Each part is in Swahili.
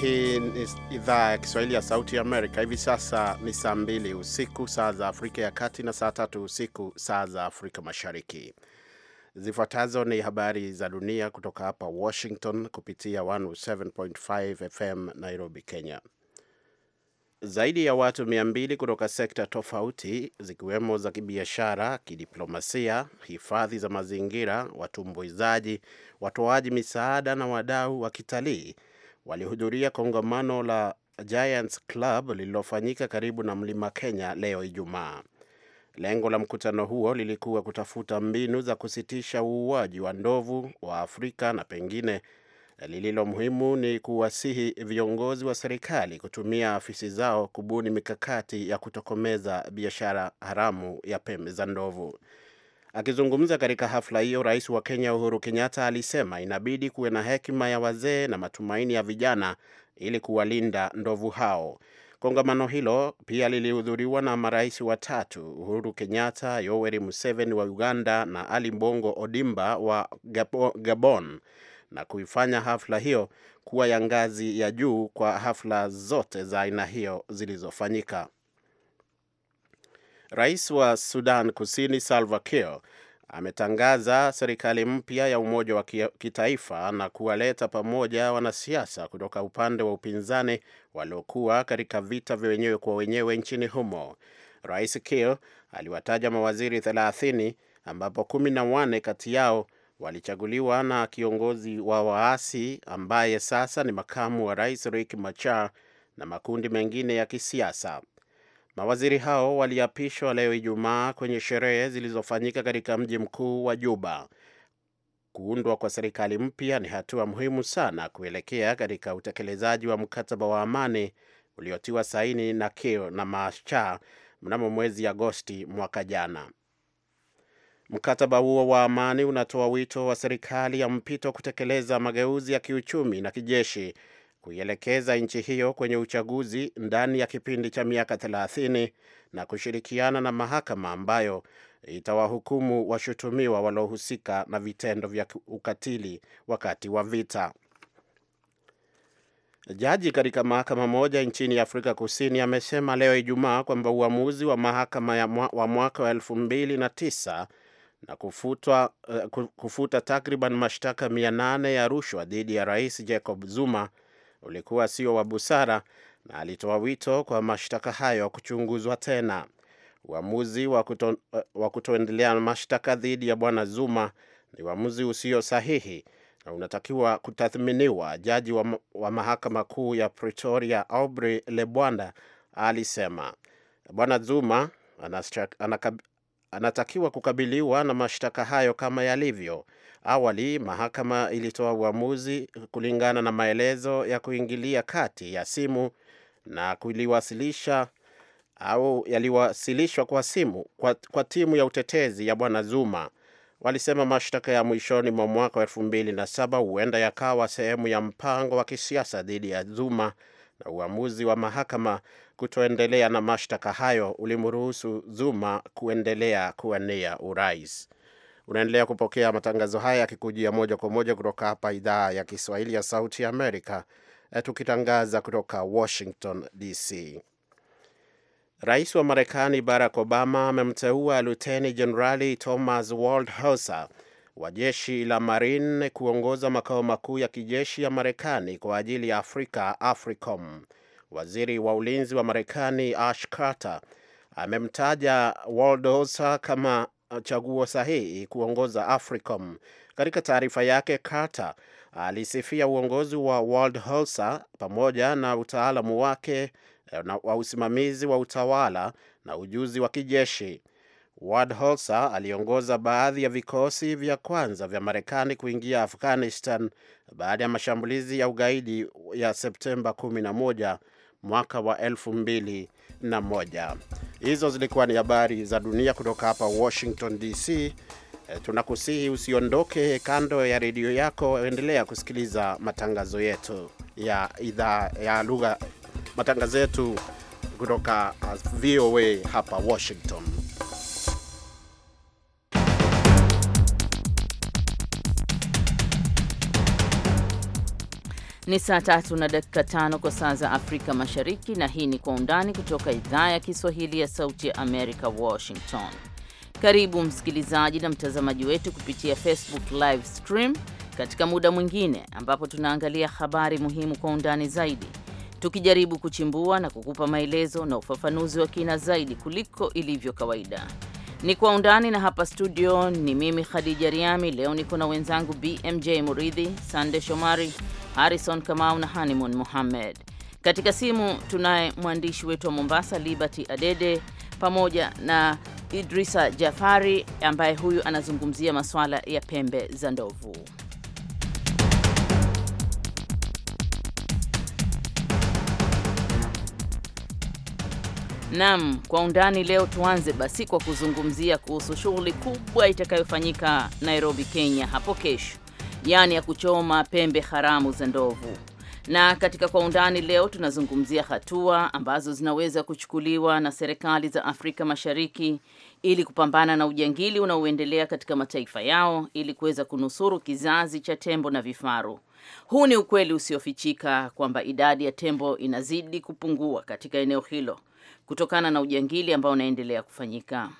Hii ni idhaa ya Kiswahili ya Sauti ya Amerika. Hivi sasa ni saa mbili usiku saa za Afrika ya Kati na saa tatu usiku saa za Afrika Mashariki. Zifuatazo ni habari za dunia kutoka hapa Washington kupitia 107.5 FM Nairobi, Kenya. Zaidi ya watu 200 kutoka sekta tofauti zikiwemo za kibiashara, kidiplomasia, hifadhi za mazingira, watumbuizaji, watoaji misaada na wadau wa kitalii walihudhuria kongamano la Giants Club lililofanyika karibu na mlima Kenya leo Ijumaa. Lengo la mkutano huo lilikuwa kutafuta mbinu za kusitisha uuaji wa ndovu wa Afrika na pengine lililo muhimu ni kuwasihi viongozi wa serikali kutumia afisi zao kubuni mikakati ya kutokomeza biashara haramu ya pembe za ndovu. Akizungumza katika hafla hiyo, rais wa Kenya Uhuru Kenyatta alisema inabidi kuwe na hekima ya wazee na matumaini ya vijana ili kuwalinda ndovu hao. Kongamano hilo pia lilihudhuriwa na marais watatu: Uhuru Kenyatta, Yoweri Museveni wa Uganda na Ali Bongo Odimba wa Gabon, na kuifanya hafla hiyo kuwa ya ngazi ya juu kwa hafla zote za aina hiyo zilizofanyika. Rais wa Sudan Kusini Salva Kiir ametangaza serikali mpya ya umoja wa kitaifa na kuwaleta pamoja wanasiasa kutoka upande wa upinzani waliokuwa katika vita vya wenyewe kwa wenyewe nchini humo. Rais Kiir aliwataja mawaziri 30 ambapo kumi na wanne kati yao walichaguliwa na kiongozi wa waasi ambaye sasa ni makamu wa rais Riek Machar na makundi mengine ya kisiasa. Mawaziri hao waliapishwa leo Ijumaa kwenye sherehe zilizofanyika katika mji mkuu wa Juba. Kuundwa kwa serikali mpya ni hatua muhimu sana kuelekea katika utekelezaji wa mkataba wa amani uliotiwa saini na Kir na Machar mnamo mwezi Agosti mwaka jana. Mkataba huo wa amani unatoa wito wa serikali ya mpito kutekeleza mageuzi ya kiuchumi na kijeshi kuielekeza nchi hiyo kwenye uchaguzi ndani ya kipindi cha miaka 30 na kushirikiana na mahakama ambayo itawahukumu washutumiwa waliohusika na vitendo vya ukatili wakati wa vita. Jaji katika mahakama moja nchini Afrika Kusini amesema leo Ijumaa kwamba uamuzi wa mahakama ya mwa, wa mwaka wa elfu mbili na tisa na kufutwa, uh, kufuta takriban mashtaka mia nane ya rushwa dhidi ya Rais Jacob Zuma ulikuwa sio wa busara na alitoa wito kwa mashtaka hayo kuchunguzwa tena. Uamuzi wa, kutoendelea na mashtaka dhidi ya bwana Zuma ni uamuzi usio sahihi na unatakiwa kutathminiwa, jaji wa, wa mahakama kuu ya Pretoria Aubrey Lebwanda alisema. Bwana Zuma anatakiwa kukabiliwa na mashtaka hayo kama yalivyo Awali mahakama ilitoa uamuzi kulingana na maelezo ya kuingilia kati ya simu na kuliwasilisha au yaliwasilishwa kwa simu kwa, kwa timu ya utetezi ya bwana Zuma. Walisema mashtaka ya mwishoni mwa mwaka wa elfu mbili na saba huenda yakawa sehemu ya mpango wa kisiasa dhidi ya Zuma, na uamuzi wa mahakama kutoendelea na mashtaka hayo ulimruhusu Zuma kuendelea kuwania urais. Unaendelea kupokea matangazo haya yakikujia moja kwa moja kutoka hapa idhaa ya Kiswahili ya Sauti Amerika, eh, tukitangaza kutoka Washington DC. Rais wa Marekani Barack Obama amemteua Luteni Jenerali Thomas Waldhauser wa jeshi la Marine kuongoza makao makuu ya kijeshi ya Marekani kwa ajili ya Afrika, AFRICOM. Waziri wa ulinzi wa Marekani Ash Carter amemtaja Waldhauser kama chaguo sahihi kuongoza AFRICOM. Katika taarifa yake, Carter alisifia uongozi wa Holsa pamoja na utaalamu wake eh, wa usimamizi wa utawala na ujuzi wa kijeshi. Holsa aliongoza baadhi ya vikosi vya kwanza vya Marekani kuingia Afghanistan baada ya mashambulizi ya ugaidi ya Septemba 11 mwaka wa 2001. Hizo zilikuwa ni habari za dunia kutoka hapa Washington DC. Eh, tunakusihi usiondoke kando ya redio yako, endelea kusikiliza matangazo yetu ya idhaa ya lugha, matangazo yetu kutoka VOA hapa Washington. Ni saa tatu na dakika tano kwa saa za Afrika Mashariki, na hii ni Kwa Undani kutoka idhaa ya Kiswahili ya Sauti ya Amerika, Washington. Karibu msikilizaji na mtazamaji wetu kupitia Facebook live stream katika muda mwingine ambapo tunaangalia habari muhimu kwa undani zaidi, tukijaribu kuchimbua na kukupa maelezo na ufafanuzi wa kina zaidi kuliko ilivyo kawaida. Ni Kwa Undani, na hapa studio ni mimi Khadija Riami. Leo niko na wenzangu BMJ Muridhi, Sande Shomari Harrison Kamau na Hanimon muhammed Katika simu tunaye mwandishi wetu wa Mombasa Liberty Adede pamoja na Idrisa Jafari ambaye huyu anazungumzia masuala ya pembe za ndovu. Naam, kwa undani leo tuanze basi kwa kuzungumzia kuhusu shughuli kubwa itakayofanyika Nairobi, Kenya hapo kesho yaani ya kuchoma pembe haramu za ndovu. Na katika kwa undani leo tunazungumzia hatua ambazo zinaweza kuchukuliwa na serikali za Afrika Mashariki ili kupambana na ujangili unaoendelea katika mataifa yao ili kuweza kunusuru kizazi cha tembo na vifaru. Huu ni ukweli usiofichika kwamba idadi ya tembo inazidi kupungua katika eneo hilo kutokana na ujangili ambao unaendelea kufanyika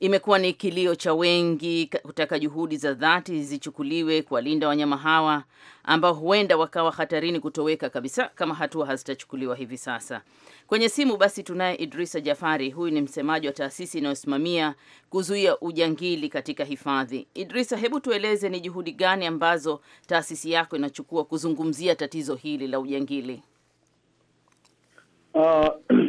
imekuwa ni kilio cha wengi kutaka juhudi za dhati zichukuliwe kuwalinda wanyama hawa ambao huenda wakawa hatarini kutoweka kabisa kama hatua hazitachukuliwa hivi sasa. Kwenye simu basi tunaye Idrisa Jafari, huyu ni msemaji wa taasisi inayosimamia kuzuia ujangili katika hifadhi. Idrisa, hebu tueleze ni juhudi gani ambazo taasisi yako inachukua kuzungumzia tatizo hili la ujangili? Uh,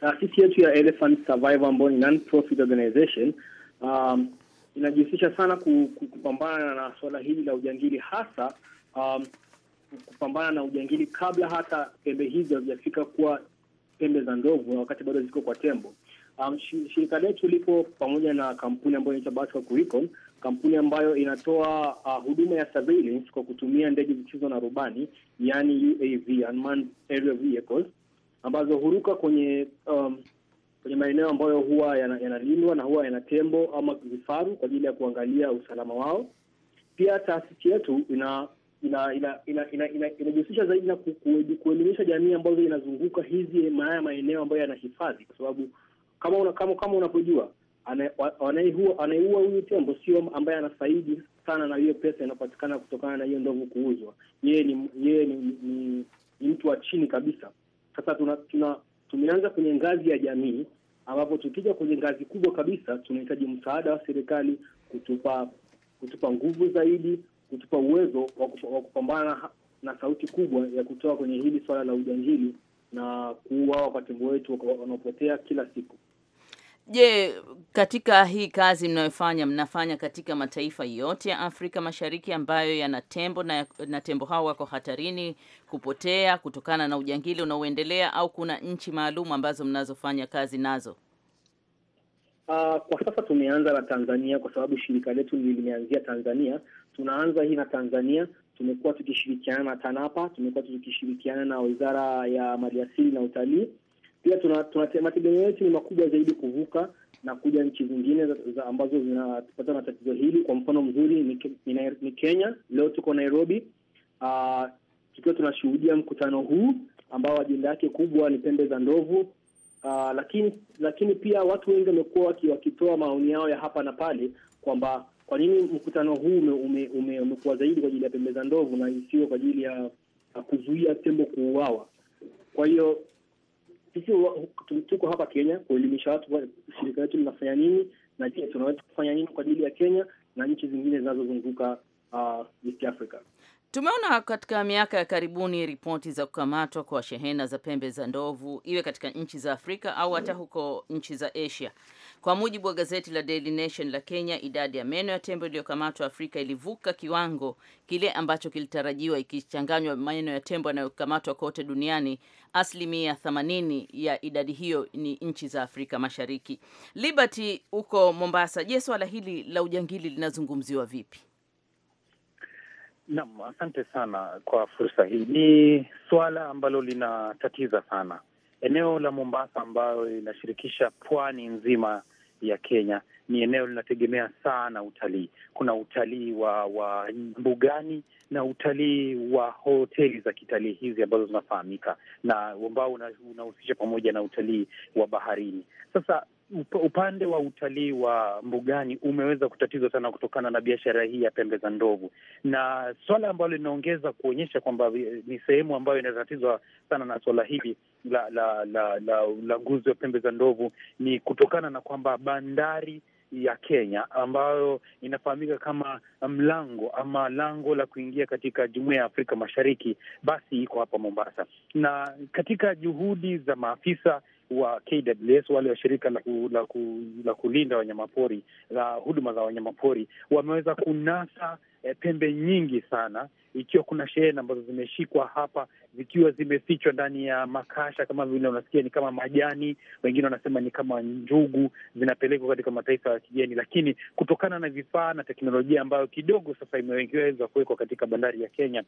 Taasisi yetu ya Elephant Survivor ambayo ni non-profit organization um, inajihusisha sana kupambana na suala hili la ujangili hasa um, kupambana na ujangili kabla hata pembe hizi hazijafika kuwa pembe za ndovu na wakati bado ziko kwa tembo. Um, shirika letu lipo pamoja na kampuni ambayo inaitwa Basco Curriculum, kampuni ambayo inatoa uh, huduma ya surveillance kwa kutumia ndege zisizo na rubani, yani UAV, unmanned aerial vehicles ambazo huruka kwenye um, kwenye maeneo ambayo huwa yanalindwa yana na huwa yana tembo ama vifaru kwa ajili ya kuangalia usalama wao. Pia taasisi yetu ina inajihusisha ina, ina, ina, ina zaidi na kuelimisha jamii ambazo inazunguka hizi maya maeneo ambayo yanahifadhi, kwa sababu kama una, kama, kama unavyojua anayeua huyu tembo sio ambaye anafaidi sana na hiyo pesa inapatikana kutokana na hiyo ndovu kuuzwa. Yeye ni, ni, ni, ni, ni mtu wa chini kabisa. Sasa tuna, tuna tumeanza kwenye ngazi ya jamii, ambapo tukija kwenye ngazi kubwa kabisa tunahitaji msaada wa serikali kutupa kutupa nguvu zaidi, kutupa uwezo wa kupambana na sauti kubwa ya kutoa kwenye hili swala la ujangili na kwa tembo wetu wanaopotea kila siku. Je, katika hii kazi mnayofanya mnafanya katika mataifa yote ya Afrika Mashariki ambayo yana tembo na, na tembo hao wako hatarini kupotea kutokana na ujangili unaoendelea au kuna nchi maalum ambazo mnazofanya kazi nazo? Uh, kwa sasa tumeanza na Tanzania kwa sababu shirika letu limeanzia Tanzania. Tunaanza hii na Tanzania, tumekuwa tukishirikiana na TANAPA, tumekuwa tukishirikiana na Wizara ya Maliasili na Utalii pia mategemeo yetu ni makubwa zaidi kuvuka na kuja nchi zingine za, za ambazo zinapata na tatizo hili. Kwa mfano mzuri ni, ni, ni Kenya. Leo tuko Nairobi ah, tukiwa tunashuhudia mkutano huu ambao ajenda yake kubwa ni pembe za ndovu uh, lakini lakini pia watu wengi wamekuwa wakitoa maoni yao ya hapa na pale kwamba kwa nini mkutano huu ume, ume, umekuwa zaidi kwa ajili ya pembe za ndovu na isiyo kwa ajili ya, ya kuzuia tembo kuuawa. Kwa hiyo sisi tuko hapa Kenya kuelimisha watu, shirika letu linafanya nini na je, tunaweza kufanya nini kwa ajili ya Kenya na nchi zingine zinazozunguka uh, East Africa. Tumeona katika miaka ya karibuni ripoti za kukamatwa kwa shehena za pembe za ndovu iwe katika nchi za Afrika au hata hmm. huko nchi za Asia. Kwa mujibu wa gazeti la Daily Nation la Kenya, idadi ya meno ya tembo iliyokamatwa Afrika ilivuka kiwango kile ambacho kilitarajiwa ikichanganywa meno ya tembo yanayokamatwa kote duniani. Asilimia 80 ya idadi hiyo ni nchi za Afrika Mashariki. Liberty huko Mombasa, je, swala hili la ujangili linazungumziwa vipi? Naam, asante sana kwa fursa hii. Ni suala ambalo linatatiza sana eneo la Mombasa, ambayo linashirikisha pwani nzima ya Kenya. Ni eneo linategemea sana utalii. Kuna utalii wa wa mbugani na utalii wa hoteli za kitalii hizi ambazo zinafahamika na ambao unahusisha pamoja na utalii wa baharini. Sasa upande wa utalii wa mbugani umeweza kutatizwa sana kutokana na biashara hii ya pembe za ndovu, na swala ambalo linaongeza kuonyesha kwamba ni sehemu ambayo inatatizwa sana na swala hili la la la la ulanguzi wa pembe za ndovu ni kutokana na kwamba bandari ya Kenya ambayo inafahamika kama mlango ama lango la kuingia katika jumuiya ya Afrika Mashariki basi iko hapa Mombasa, na katika juhudi za maafisa wa KWS wale wa shirika la, ku, la, ku, la kulinda wanyamapori la huduma za wanyamapori wameweza kunasa e, pembe nyingi sana, ikiwa kuna shehena ambazo zimeshikwa hapa zikiwa zimefichwa ndani ya makasha kama vile unasikia ni kama majani, wengine wanasema ni kama njugu, zinapelekwa katika mataifa ya kigeni, lakini kutokana na vifaa na teknolojia ambayo kidogo sasa imeweza kuwekwa katika bandari ya Kenya,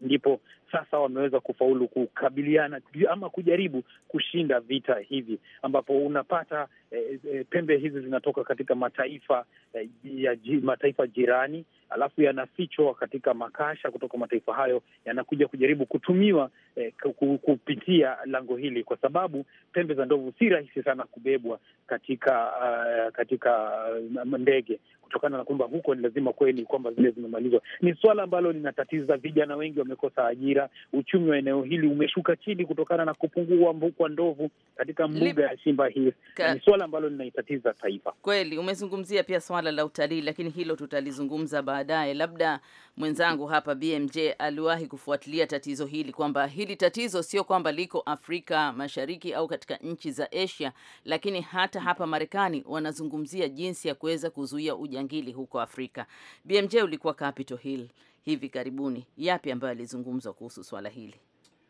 ndipo sasa wameweza kufaulu kukabiliana ama kujaribu kushinda vita hivi, ambapo unapata eh, eh pembe hizi zinatoka katika mataifa eh, ya mataifa jirani alafu yanafichwa katika makasha kutoka mataifa hayo, yanakuja kujaribu kutumiwa eh, kupitia lango hili, kwa sababu pembe za ndovu si rahisi sana kubebwa katika uh, katika uh, ndege kutokana na kwamba huko ni lazima ni kwamba zile zimemalizwa. Ni swala ambalo linatatiza vijana wengi, wamekosa ajira, uchumi wa eneo hili umeshuka chini kutokana na kupungua kwa ndovu katika mbuga ya Simba Hills. Ni swala ambalo linaitatiza taifa kweli. Umezungumzia pia swala la utalii, lakini hilo tutalizungumza ba baadaye. Labda mwenzangu hapa BMJ aliwahi kufuatilia tatizo hili, kwamba hili tatizo sio kwamba liko Afrika Mashariki au katika nchi za Asia, lakini hata hapa Marekani wanazungumzia jinsi ya kuweza kuzuia ujangili huko Afrika. BMJ, ulikuwa Capitol Hill hivi karibuni, yapi ambayo alizungumzwa kuhusu swala hili?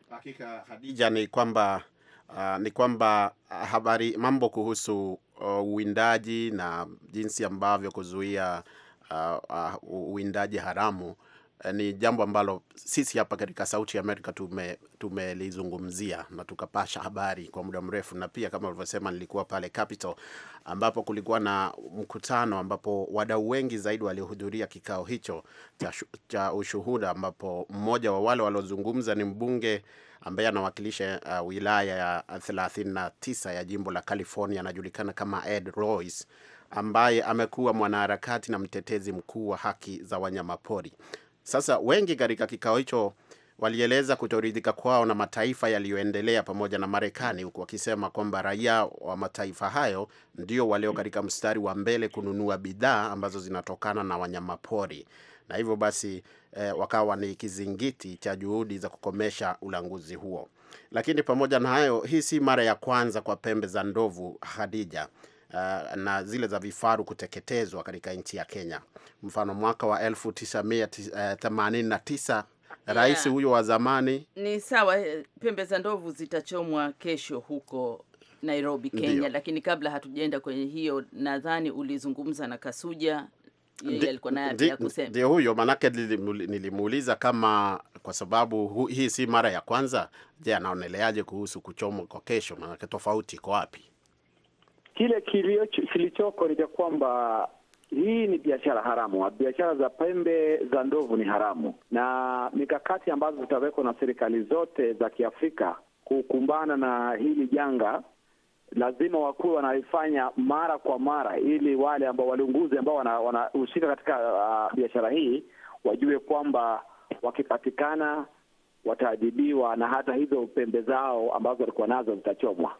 Hakika Hadija, ni kwamba uh, ni kwamba ah, habari mambo kuhusu uh, uwindaji na jinsi ambavyo kuzuia uwindaji uh, uh, haramu uh, ni jambo ambalo sisi hapa katika Sauti ya Amerika tume tumelizungumzia na tukapasha habari kwa muda mrefu, na pia kama ulivyosema, nilikuwa pale Capital ambapo kulikuwa na mkutano ambapo wadau wengi zaidi walihudhuria kikao hicho cha, cha ushuhuda, ambapo mmoja wa wale waliozungumza ni mbunge ambaye anawakilisha uh, wilaya ya 39 ya jimbo la California, anajulikana kama Ed Royce ambaye amekuwa mwanaharakati na mtetezi mkuu wa haki za wanyamapori. Sasa wengi katika kikao hicho walieleza kutoridhika kwao na mataifa yaliyoendelea pamoja na Marekani, huku wakisema kwamba raia wa mataifa hayo ndio walio katika mstari wa mbele kununua bidhaa ambazo zinatokana na wanyamapori na hivyo basi eh, wakawa ni kizingiti cha juhudi za kukomesha ulanguzi huo. Lakini pamoja na hayo, hii si mara ya kwanza kwa pembe za ndovu hadija uh, na zile za vifaru kuteketezwa katika nchi ya Kenya. Mfano, mwaka wa 1989 eh, rais yeah, huyo wa zamani ni sawa, pembe za ndovu zitachomwa kesho huko Nairobi, Kenya. Ndiyo. Lakini kabla hatujaenda kwenye hiyo, nadhani ulizungumza na Kasuja ndio huyo, maanake nilimuuliza kama, kwa sababu hu, hii si mara ya kwanza. Je, anaoneleaje kuhusu kuchomwa kwa kesho? Maanake tofauti iko wapi? Kile kilichoko ni cha kwamba hii ni biashara haramu. Biashara za pembe za ndovu ni haramu, na mikakati ambazo zitawekwa na serikali zote za Kiafrika kukumbana na hili janga lazima wakuwe wanaifanya mara kwa mara, ili wale ambao walunguzi ambao wanahusika katika uh, biashara hii wajue kwamba wakipatikana wataadhibiwa, na hata hizo pembe zao ambazo walikuwa nazo zitachomwa.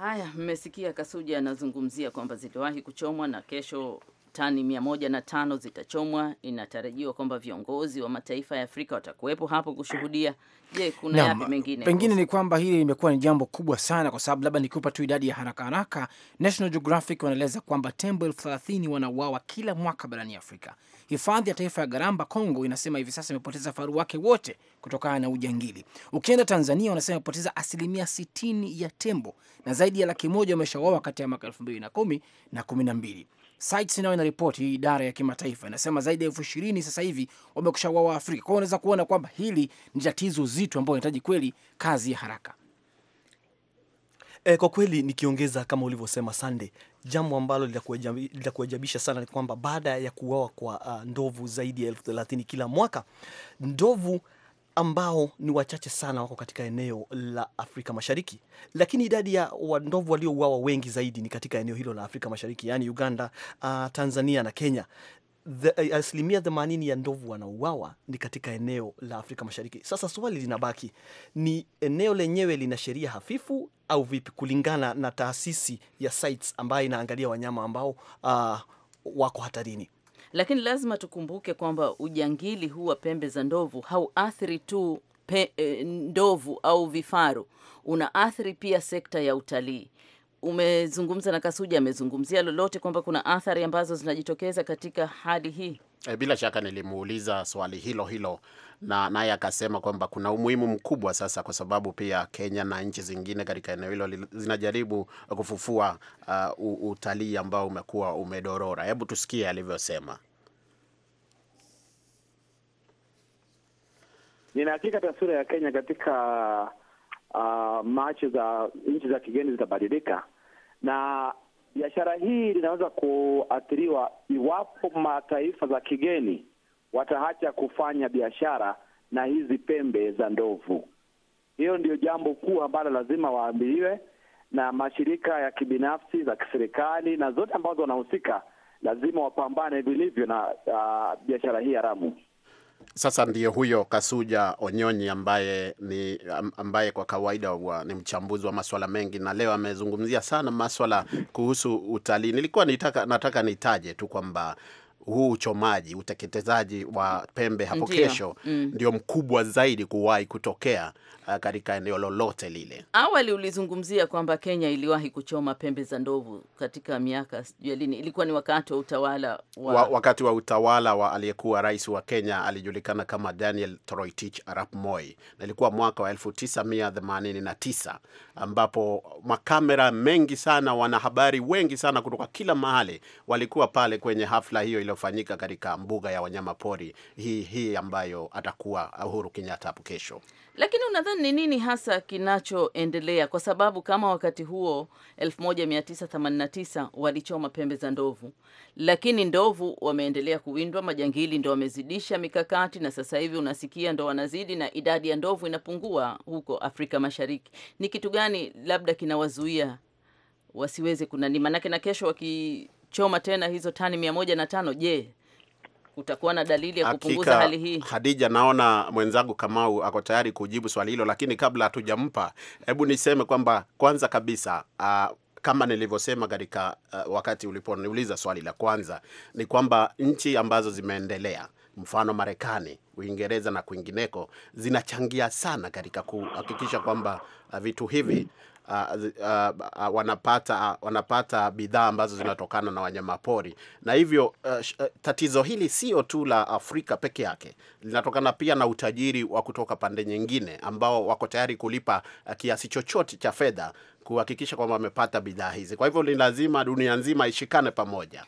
Haya, mmesikia Kasuja anazungumzia kwamba ziliwahi kuchomwa na kesho tani mia moja na tano zitachomwa. Inatarajiwa kwamba viongozi wa mataifa ya Afrika watakuwepo hapo kushuhudia. Je, kuna na, yapi mengine? Pengine ni kwamba hili limekuwa ni jambo kubwa sana, kwa sababu labda nikupa tu idadi ya haraka haraka. National Geographic wanaeleza kwamba tembo elfu thelathini wanauawa kila mwaka barani Afrika. Hifadhi ya Taifa ya Garamba Kongo inasema hivi sasa imepoteza faru wake wote kutokana na ujangili. Ukienda Tanzania wanasema imepoteza asilimia sitini ya tembo na zaidi ya laki moja wameshauawa kati ya mwaka elfu mbili na kumi na kumi na mbili. Sites nayo hii idara ya kimataifa inasema zaidi ya elfu ishirini sasa hivi wamekusha wa Afrika. Kwa hiyo unaweza kuona kwamba hili ni tatizo zito ambayo inahitaji kweli kazi ya haraka. E, kwa kweli nikiongeza kama ulivyosema Sande, jambo ambalo litakuajabisha sana ni kwamba baada ya kuawa kwa uh, ndovu zaidi ya elfu thelathini kila mwaka ndovu ambao ni wachache sana wako katika eneo la Afrika Mashariki, lakini idadi ya ndovu waliouawa wengi zaidi ni katika eneo hilo la Afrika Mashariki, yaani Uganda, uh, Tanzania na Kenya. The, eh, asilimia themanini ya ndovu wanauawa ni katika eneo la Afrika Mashariki. Sasa swali linabaki ni eneo lenyewe lina sheria hafifu au vipi? Kulingana na taasisi ya sites ambayo inaangalia wanyama ambao uh, wako hatarini lakini lazima tukumbuke kwamba ujangili huu wa pembe za ndovu hauathiri tu pe, e, ndovu au vifaru, unaathiri pia sekta ya utalii. Umezungumza na Kasuja, amezungumzia lolote kwamba kuna athari ambazo zinajitokeza katika hali hii? Eh, bila shaka nilimuuliza swali hilo hilo na naye akasema kwamba kuna umuhimu mkubwa sasa, kwa sababu pia Kenya na nchi zingine katika eneo hilo zinajaribu kufufua uh, utalii ambao umekuwa umedorora. Hebu tusikie alivyosema. Nina hakika taswira ya Kenya katika uh, macho za nchi za kigeni zitabadilika na biashara hii linaweza kuathiriwa iwapo mataifa za kigeni wataacha kufanya biashara na hizi pembe za ndovu. Hiyo ndio jambo kuu ambalo lazima waambiwe, na mashirika ya kibinafsi za kiserikali na zote ambazo wanahusika lazima wapambane vilivyo na uh, biashara hii haramu. Sasa ndiye huyo Kasuja Onyonyi ambaye ni ambaye kwa kawaida wa, ni mchambuzi wa maswala mengi na leo amezungumzia sana maswala kuhusu utalii. Nilikuwa nitaka, nataka nitaje tu kwamba huu uchomaji, uteketezaji wa pembe hapo kesho mm. ndio mm, mkubwa zaidi kuwahi kutokea Eh, katika eneo lolote lile. Awali ulizungumzia kwamba Kenya iliwahi kuchoma pembe za ndovu katika miaka sijui lini, ilikuwa ni wakati wa utawala wa... wa wakati wa utawala wa aliyekuwa rais wa Kenya alijulikana kama Daniel Toroitich Arap Moi, na ilikuwa mwaka wa 1989 ambapo makamera mengi sana, wanahabari wengi sana kutoka kila mahali walikuwa pale kwenye hafla hiyo iliyofanyika katika mbuga ya wanyama pori hii hii ambayo atakuwa Uhuru Kenyatta hapo kesho. Lakini unadhani ni nini hasa kinachoendelea? Kwa sababu kama wakati huo 1989 walichoma pembe za ndovu, lakini ndovu wameendelea kuwindwa, majangili ndo wamezidisha mikakati, na sasa hivi unasikia ndo wanazidi na idadi ya ndovu inapungua huko Afrika Mashariki. Ni kitu gani labda kinawazuia wasiweze kunani? Manake na kesho wakichoma tena hizo tani mia moja na tano, je, kutakuwa na dalili ya kupunguza hali hii. Hadija, naona mwenzangu Kamau ako tayari kujibu swali hilo, lakini kabla hatujampa, hebu niseme kwamba kwanza kabisa uh, kama nilivyosema katika uh, wakati uliponiuliza swali la kwanza ni kwamba nchi ambazo zimeendelea mfano Marekani, Uingereza na kwingineko zinachangia sana katika kuhakikisha kwamba ah, vitu hivi Uh, uh, uh, uh, wanapata uh, wanapata bidhaa ambazo zinatokana na wanyamapori, na hivyo uh, uh, tatizo hili sio tu la Afrika peke yake, linatokana pia na utajiri wa kutoka pande nyingine ambao wako tayari kulipa uh, kiasi chochote cha fedha kuhakikisha kwamba wamepata bidhaa hizi. Kwa hivyo ni lazima dunia nzima ishikane pamoja.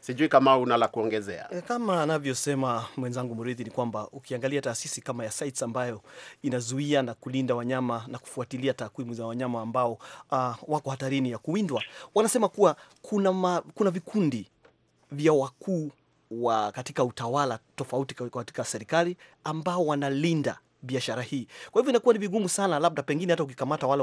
Sijui kama una la kuongezea. E, kama anavyosema mwenzangu mrithi ni kwamba ukiangalia taasisi kama ya sites ambayo inazuia na kulinda wanyama na kufuatilia takwimu za wanyama ambao uh, wako hatarini ya kuwindwa, wanasema kuwa kuna, ma, kuna vikundi vya wakuu wa katika utawala tofauti katika serikali ambao wanalinda biashara hii. Kwa hivyo inakuwa ni vigumu sana, labda pengine hata ukikamata wale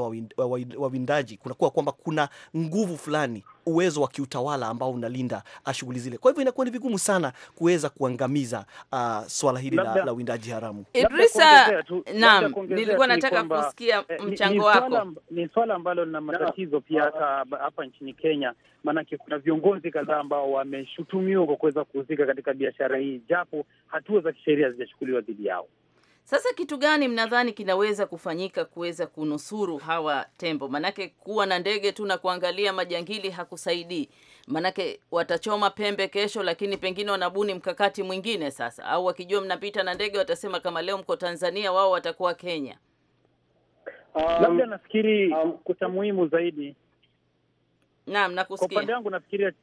wawindaji, kunakuwa kwamba kuna nguvu fulani, uwezo wa kiutawala ambao unalinda ah, shughuli zile. Kwa hivyo inakuwa ni vigumu sana kuweza kuangamiza uh, swala hili la, la windaji haramu. Idrisa, naam, nilikuwa nataka kusikia eh, mchango wako. Ni swala ambalo lina matatizo pia hata hapa nchini Kenya, maanake kuna viongozi kadhaa ambao wameshutumiwa kwa kuweza kuhusika katika biashara hii, japo hatua za kisheria hazijachukuliwa dhidi yao. Sasa kitu gani mnadhani kinaweza kufanyika kuweza kunusuru hawa tembo? Manake kuwa na ndege tu na kuangalia majangili hakusaidii, manake watachoma pembe kesho, lakini pengine wanabuni mkakati mwingine sasa, au wakijua mnapita na ndege watasema kama leo mko Tanzania, wao watakuwa Kenya. Um, labda nafikiri um, cha muhimu zaidi. Naam, nakusikia. Kwa upande wangu nafikiria,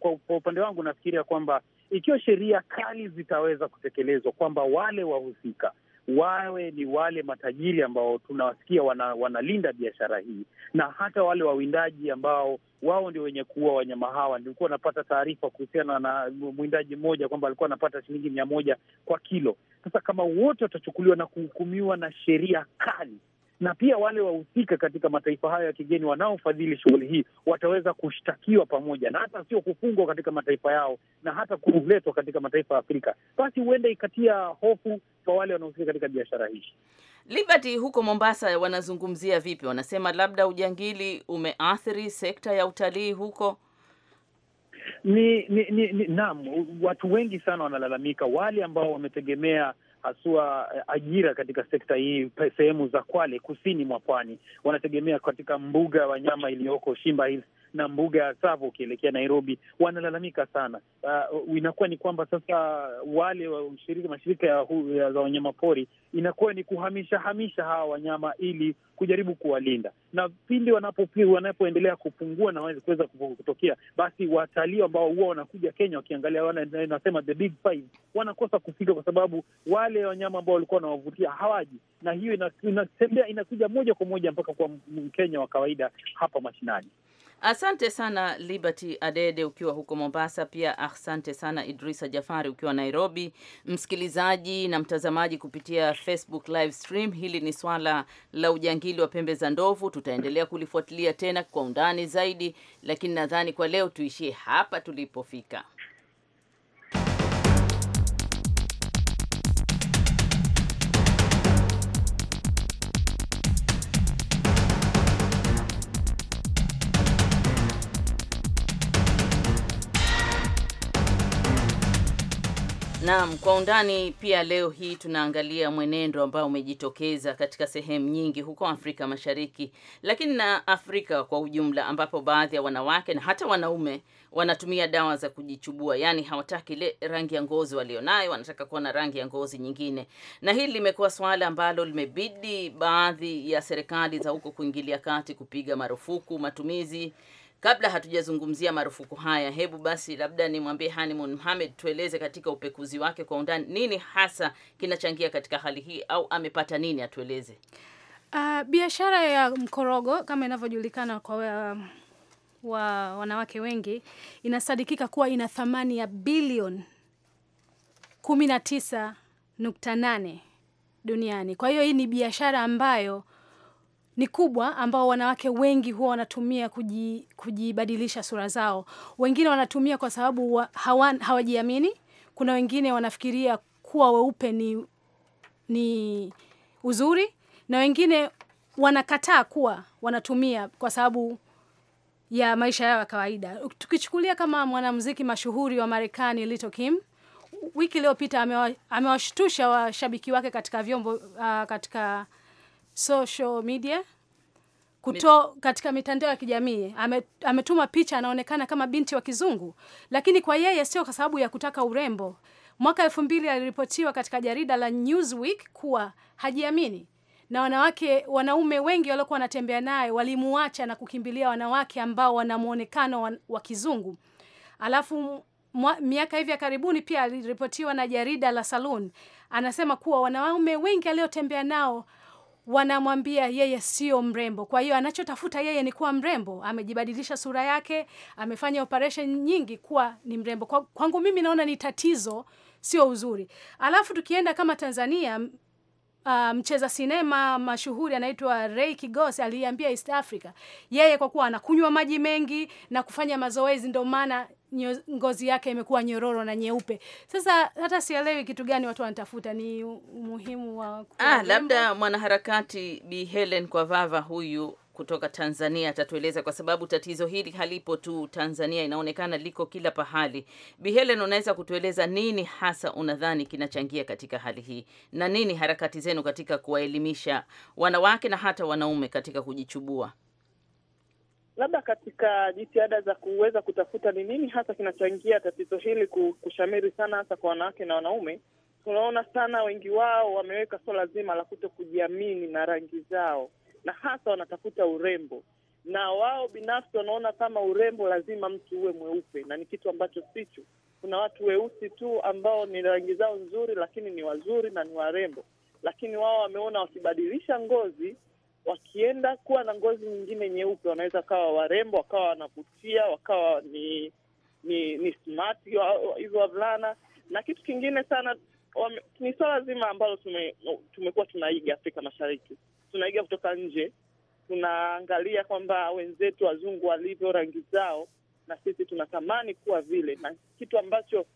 kwa upande wangu nafikiria kwamba ikiwa sheria kali zitaweza kutekelezwa kwamba wale wahusika wawe ni wale matajiri ambao tunawasikia wana, wanalinda biashara hii na hata wale wawindaji ambao wao ndio wenye kuua wanyama hawa. Nilikuwa napata taarifa kuhusiana na mwindaji mmoja kwamba alikuwa anapata shilingi mia moja kwa kilo. Sasa kama wote watachukuliwa na kuhukumiwa na sheria kali na pia wale wahusika katika mataifa hayo ya kigeni wanaofadhili shughuli hii wataweza kushtakiwa pamoja na hata sio kufungwa katika mataifa yao na hata kuletwa katika mataifa ya Afrika, basi huenda ikatia hofu kwa wale wanaohusika katika biashara hii. Liberty, huko Mombasa wanazungumzia vipi? Wanasema labda ujangili umeathiri sekta ya utalii huko. Ni, ni, ni, ni naam, watu wengi sana wanalalamika, wale ambao wametegemea haswa eh, ajira katika sekta hii sehemu za Kwale kusini mwa pwani, wanategemea katika mbuga ya wanyama iliyoko Shimba Hills na mbuga ya Tsavo ukielekea Nairobi, wanalalamika sana. Uh, inakuwa ni kwamba sasa wale shirika, mashirika ya hu, ya za pori inakuwa ni kuhamisha hamisha hawa wanyama ili kujaribu kuwalinda, na pindi wanapoendelea kupungua na kuweza kutokea, basi watalii ambao huwa wanakuja Kenya wakiangalia wanasema the big five wanakosa kufika, kwa sababu wale wanyama ambao walikuwa wanawavutia hawaji, na hiyo inatembea inakuja moja kwa moja mpaka kwa Mkenya wa kawaida hapa mashinani. Asante sana Liberty Adede ukiwa huko Mombasa, pia asante sana Idrisa Jafari ukiwa Nairobi. Msikilizaji na mtazamaji kupitia Facebook live stream, hili ni swala la ujangili wa pembe za ndovu. Tutaendelea kulifuatilia tena kwa undani zaidi, lakini nadhani kwa leo tuishie hapa tulipofika. Naam, kwa undani pia leo hii tunaangalia mwenendo ambao umejitokeza katika sehemu nyingi huko Afrika Mashariki, lakini na Afrika kwa ujumla, ambapo baadhi ya wanawake na hata wanaume wanatumia dawa za kujichubua, yaani hawataki ile rangi ya ngozi walionayo, wanataka kuwa na rangi ya ngozi nyingine. Na hili limekuwa swala ambalo limebidi baadhi ya serikali za huko kuingilia kati, kupiga marufuku matumizi Kabla hatujazungumzia marufuku haya, hebu basi labda nimwambie Hanimun Mohamed, tueleze katika upekuzi wake kwa undani, nini hasa kinachangia katika hali hii, au amepata nini? Atueleze. Uh, biashara ya mkorogo kama inavyojulikana kwa uh, wa wanawake wengi inasadikika kuwa ina thamani ya bilioni 19.8 duniani. Kwa hiyo hii ni biashara ambayo ni kubwa ambao wanawake wengi huwa wanatumia kuji, kujibadilisha sura zao. Wengine wanatumia kwa sababu wa, hawa, hawajiamini. Kuna wengine wanafikiria kuwa weupe ni, ni uzuri, na wengine wanakataa kuwa wanatumia kwa sababu ya maisha yao ya kawaida. Tukichukulia kama mwanamuziki mashuhuri wa Marekani Little Kim, wiki iliyopita amewashtusha washabiki wake katika vyombo uh, katika social media kuto katika mitandao ya kijamii ame, ametuma picha, anaonekana kama binti wa kizungu, lakini kwa yeye sio kwa sababu ya kutaka urembo. Mwaka elfu mbili aliripotiwa katika jarida la Newsweek kuwa hajiamini na wanawake, wanaume wengi waliokuwa wanatembea naye walimuacha na kukimbilia wanawake ambao wana mwonekano wa kizungu. Alafu mwa, miaka hivi ya karibuni pia aliripotiwa na jarida la Salon, anasema kuwa wanaume wengi aliotembea nao wanamwambia yeye sio mrembo, kwa hiyo anachotafuta yeye ni kuwa mrembo. Amejibadilisha sura yake, amefanya operation nyingi kuwa ni mrembo. Kwa, kwangu mimi naona ni tatizo, sio uzuri. Alafu tukienda kama Tanzania, uh, mcheza sinema mashuhuri anaitwa Ray Kigosi aliambia East Africa, yeye kwa kuwa anakunywa maji mengi na kufanya mazoezi, ndio maana nyo, ngozi yake imekuwa nyororo na nyeupe. Sasa hata sielewi kitu gani watu wanatafuta, ni umuhimu wa ah, labda mwanaharakati Bi Helen vava huyu kutoka Tanzania atatueleza kwa sababu tatizo hili halipo tu Tanzania, inaonekana liko kila pahali. Bi Helen, unaweza kutueleza nini hasa unadhani kinachangia katika hali hii na nini harakati zenu katika kuwaelimisha wanawake na hata wanaume katika kujichubua? labda katika jitihada za kuweza kutafuta ni nini hasa kinachangia tatizo hili kushamiri sana, hasa kwa wanawake na wanaume, tunaona sana wengi wao wameweka suala zima la kuto kujiamini na rangi zao, na hasa wanatafuta urembo, na wao binafsi wanaona kama urembo lazima mtu uwe mweupe, na ni kitu ambacho sicho. Kuna watu weusi tu ambao ni rangi zao nzuri, lakini ni wazuri na ni warembo, lakini wao wameona wakibadilisha ngozi wakienda kuwa na ngozi nyingine nyeupe, wanaweza kawa warembo, wakawa wanavutia, wakawa ni ni, ni smart hizo wavulana. Na kitu kingine sana wame, ni swala zima ambalo tume, tumekuwa tunaiga Afrika Mashariki, tunaiga kutoka nje, tunaangalia kwamba wenzetu wazungu walivyo, rangi zao, na sisi tunatamani kuwa vile, na kitu ambacho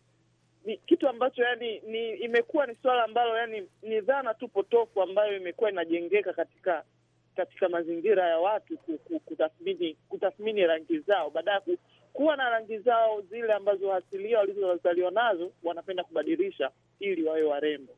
ni kitu ambacho yani ni imekuwa ni swala ambalo yani ni dhana tu potofu ambayo imekuwa inajengeka katika katika mazingira ya watu kutathmini kutathmini rangi zao, baada ya kuwa na rangi zao zile ambazo asilia walizozaliwa nazo, wanapenda kubadilisha ili wawe warembo.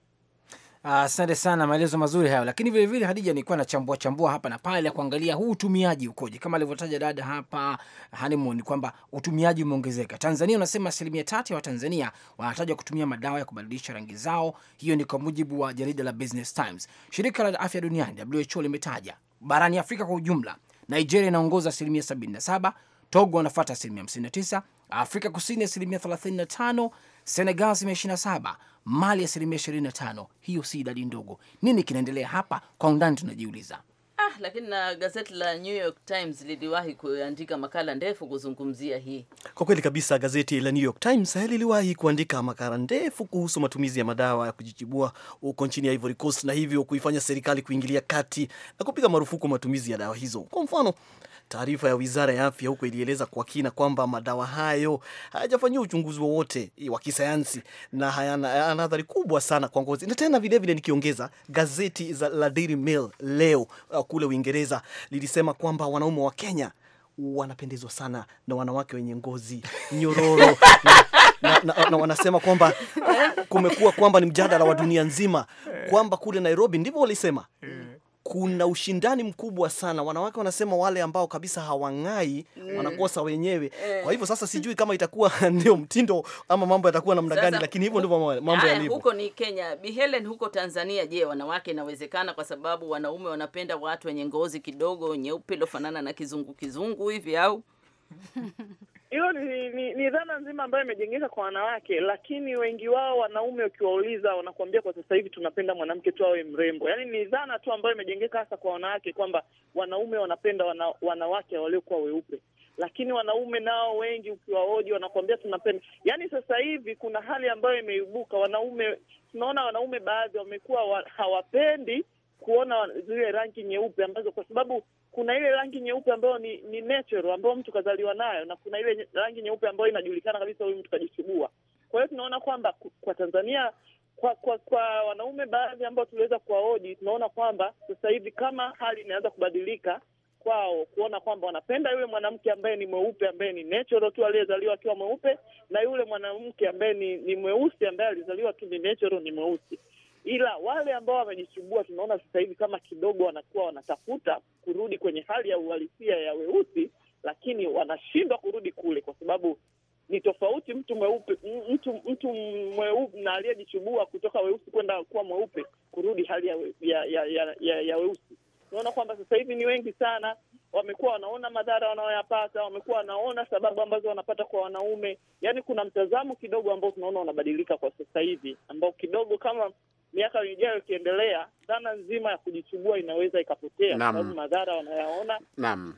Asante uh, sana, maelezo mazuri hayo. Lakini vilevile Hadija, nilikuwa nachambua chambua hapa na pale ya kuangalia huu utumiaji ukoje, kama alivyotaja dada hapa Hanimon kwamba utumiaji umeongezeka Tanzania. Unasema asilimia tatu ya Watanzania wanataja kutumia madawa ya kubadilisha rangi zao. Hiyo ni kwa mujibu wa jarida la Business Times. Shirika la Afya Duniani WHO limetaja barani Afrika kwa ujumla, Nigeria inaongoza asilimia 77, Togo wanafuata asilimia 59, Afrika Kusini asilimia 35, Senegal asilimia 27, Mali asilimia 25. Hiyo si idadi ndogo. Nini kinaendelea hapa? Kwa undani tunajiuliza. Ah, lakini na gazeti la New York Times liliwahi kuandika makala ndefu kuzungumzia hii. Kwa kweli kabisa, gazeti la New York Times eh, liliwahi kuandika makala ndefu kuhusu matumizi ya madawa ya kujichibua huko nchini ya Ivory Coast, na hivyo kuifanya serikali kuingilia kati na kupiga marufuku matumizi ya dawa hizo. Kwa mfano Taarifa ya wizara ya afya huko ilieleza kwa kina kwamba madawa hayo hayajafanyiwa uchunguzi wowote wa kisayansi na hayana athari kubwa sana kwa ngozi. Na tena vilevile, nikiongeza gazeti za la Daily Mail leo uh, kule Uingereza lilisema kwamba wanaume wa Kenya wanapendezwa sana na wanawake wenye ngozi nyororo na, na, na, na wanasema kwamba kumekuwa kwamba ni mjadala wa dunia nzima eh. kwamba kule Nairobi ndivyo walisema eh kuna ushindani mkubwa sana. Wanawake wanasema wale ambao kabisa hawang'ai mm. wanakosa wenyewe eh. Kwa hivyo sasa sijui kama itakuwa ndio mtindo ama mambo yatakuwa namna gani, lakini hivyo ndivyo mambo yalivyo. Huko ni Kenya, Bi Helen, huko Tanzania je, wanawake inawezekana? Kwa sababu wanaume wanapenda watu wenye ngozi kidogo nyeupe lofanana na kizungu kizungu hivi au hiyo ni, ni, ni dhana nzima ambayo imejengeka kwa wanawake, lakini wengi wao wanaume ukiwauliza, wanakuambia kwa sasa hivi tunapenda mwanamke tu awe mrembo. Yaani ni dhana tu ambayo imejengeka hasa kwa wanawake kwamba wanaume wanapenda wana, wanawake waliokuwa weupe, lakini wanaume nao wengi ukiwaoji, wanakuambia tunapenda. Yaani sasa hivi kuna hali ambayo imeibuka, wanaume tunaona wanaume baadhi wamekuwa wa, hawapendi kuona zile rangi nyeupe ambazo kwa sababu kuna ile rangi nyeupe ambayo ni, ni natural ambayo mtu kazaliwa nayo na kuna ile rangi nyeupe ambayo inajulikana kabisa huyu mtu kajichubua. Kwa hiyo tunaona kwamba kwa Tanzania kwa kwa, kwa wanaume baadhi ambao tuliweza kuwaoji tunaona kwamba sasa hivi kama hali inaanza kubadilika kwao kuona kwamba wanapenda yule mwanamke ambaye ni mweupe ambaye ni natural tu aliyezaliwa akiwa mweupe na yule mwanamke ambaye ni, ni mweusi ambaye alizaliwa tu ni natural ni mweusi ila wale ambao wamejisumbua tunaona sasa hivi kama kidogo wanakuwa wanatafuta kurudi kwenye hali ya uhalisia ya weusi, lakini wanashindwa kurudi kule kwa sababu ni tofauti mtu mweupe mtu mtu mweupe na aliyejichubua kutoka weusi kwenda kuwa mweupe kurudi hali ya, ya, ya, ya, ya, ya weusi. Unaona kwamba sasa hivi ni wengi sana wamekuwa wanaona madhara wanayoyapata, wamekuwa wanaona sababu ambazo wanapata kwa wanaume. yani kuna mtazamo kidogo ambao tunaona unabadilika kwa sasa hivi, ambao kidogo kama miaka ijayo ikiendelea, dhana nzima ya kujichubua inaweza ikapotea, sababu madhara wanayaona. Naam.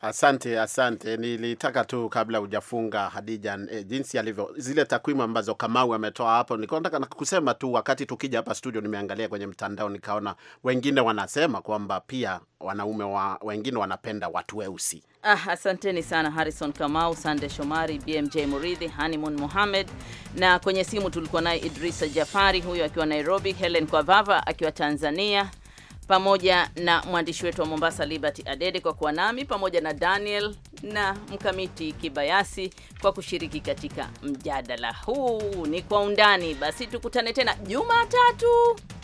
Asante, asante. Nilitaka tu kabla hujafunga Hadija, e, jinsi alivyo zile takwimu ambazo Kamau ametoa hapo, nilikuwa nataka kusema tu, wakati tukija hapa studio, nimeangalia kwenye mtandao nikaona wengine wanasema kwamba pia wanaume wa, wengine wanapenda watu weusi. Ah, asanteni sana Harrison Kamau, Sande Shomari, BMJ Muridhi, Hanimon Mohamed, na kwenye simu tulikuwa naye Idrisa Jafari, huyo akiwa Nairobi, Helen Kwavava akiwa Tanzania pamoja na mwandishi wetu wa Mombasa Liberty Adede kwa kuwa nami pamoja na Daniel na mkamiti Kibayasi kwa kushiriki katika mjadala huu. Ni kwa undani. Basi tukutane tena Jumatatu.